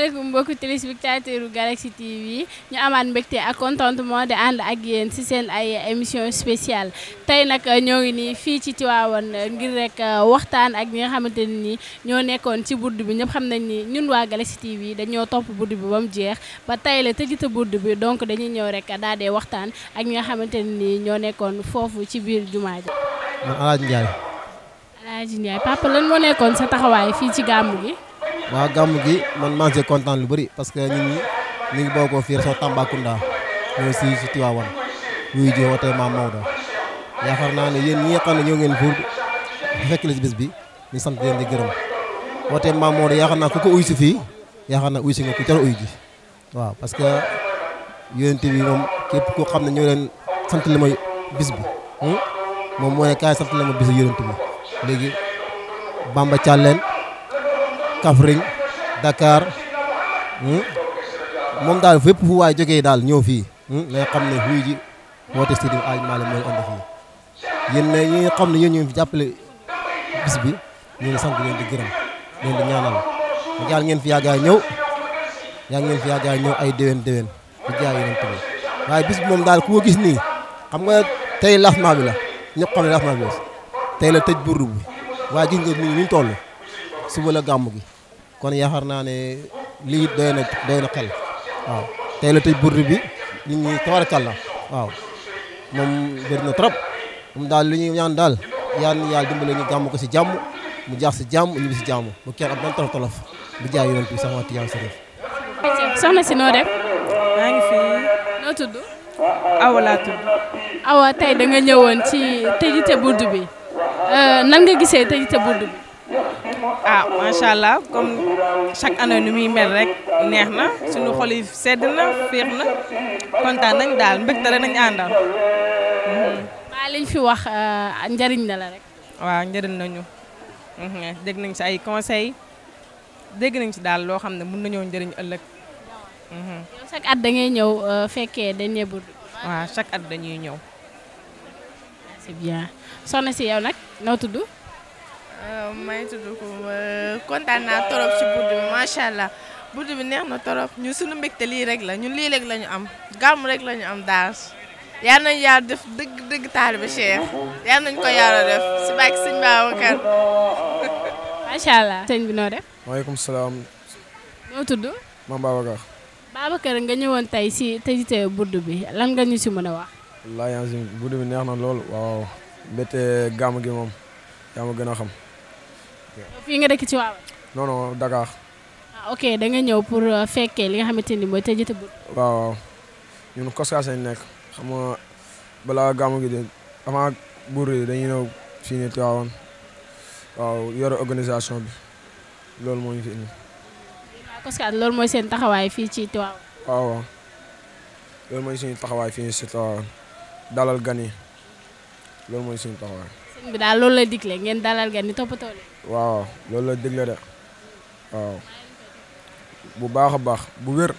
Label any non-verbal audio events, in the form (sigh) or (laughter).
asalaamaaleykum mbokki téléspectateur Galaxy TV ñu amaat mbégte ak contentement de ànd ak yéen ci seen ay émission spéciale tey nag ñoo ngi nii fii ci Tivaouane ngir rek euh, waxtaan ak ñi nga xamante ne nii ñoo nekkoon ci burdu bi ñëpp xam nañ ni ñun waa Galaxy dañoo topp burdu bi ba jeex ba tey la tëjita burdu bi donc dañuy ñëw rek daa dee waxtaan ak ñi nga xamante ne nii ñoo nekkoon foofu ci biir jumaa ji. man Alaaji Ndiaye. moo nekkoon sa taxawaay fii ci gàmmu gi. waaw gàmm gi man maa ngi kontaan lu bëri parce que ñun ñi ñu ngi bokkoo fii région Tambacounda ñoo si si Tivaouane wuyu ji wootee maam Maodo yaakaar naa ne yéen ñi nga ngeen buur fekk la si bis bi ñu sant leen di gërëm wootee maam Maodo yaakaar naa ku ko uy si fii yaakaar naa uy si nga ku jar uy ji waaw parce que yonent bi moom képp koo xam ne ñoo leen sant li ma bis bi hmm? moom moo ne kaay sant la ma bis yonent bi léegi Bamba Thial Kaffrine dakaar hmm? moom daal fépp fu waay jógee daal ñëw fii lay hmm? xam ne wuy ji woote Seydi Aji Maalik mooy ànd fii yéen ne ñi xam ne yéen ñu fi jàppale bis bi ñu ngi sant leen di gërëm leen di ñaanal yàlla ngeen fi yàggaa ñëw yàlla ngeen fi yàggaay ñëw ay déwén déwén di jaay yeneen waaye bis moom daal ku ko gis nii xam nga tey lancement bi la ñëpp xam ne lancement bi la tey la tëj burdu bi waaye gis nga ni ñu toll suba la gamu gi kon yaakaar naa ne li doyna doyna xel waaw tay la tëj burri bi nit ñi tabarakalla waaw mom bëri na trop mom dal li ñuy ñaan dal yaan yaal dimbalé ñu gamu ko ci jamm mu jax ci jamm ñu ci jamm mu kër am benn tolof tolof bi jaay yoon bi sax wante yàlla soxna ci no def ma ngi fi no tuddu awala laa awa tay da nga ñewoon ci tejite burdu bi euh, nan nga gisee tejite burdu bi ah macha allah comme chaque année nu muy mel rek neex na suñu xol sedd na féex na kontaan nañ daal mbégte la nañ àndal. maa liñ fi wax ah, njëriñ na la rek. waaw njëriñ nañu mhm, dégg nañ si ay conseils dégg nañ si daal loo xam ne mun nañoo njëriñ ëllëg. Mhm. yow chaque at dangay ngay ñëw euh, fekkee dañ ne waaw chaque at dañuy ñëw. c'est si yow nag noo tudd. waaw euh, tudd ko euh, kontaan naa torop ci buddi bi macha allah buddi bi neex na torop ñun suñu mbégte lii rek la ñun lii rek lañu am gàmm rek la am daal yal nañu yàlla def dëgg dëgg taaliba Cheikh yal nañ ko yàlla def si bàkk sëñ Babacar. (laughs) macha allah. sëñ bi noo def. maaleykum salaam. tudd. maam nga ñëwoon tey si tëjite buddi bi lan nga ñu si mën a wax. bi neex na lool waaw mbette gàmm gi moom yaa gën a xam. fii nga dëkk ci waaw non non Dakar. ah ok da nga ñëw pour euh, fekkee li nga xamante ni mooy tëjati bu. waaw ñun Koskas lañ nekk xam nga balaa gàmmu gi de avant buur yi dañuy ñëw fii nii Tivaouane waaw yore organisation bi loolu moo ñu fi indi. waaw ah, Koskas loolu mooy seen taxawaay fii ci Tivaouane. waaw waaw loolu mooy suñu taxawaay fii ci dalal gan yi loolu mooy suñu taxawaay. sëñ bi daal loolu la digle ngeen dalal gan ni toppatoo leen. waaw loolu la digle de waaw bu baax a baax bu wér.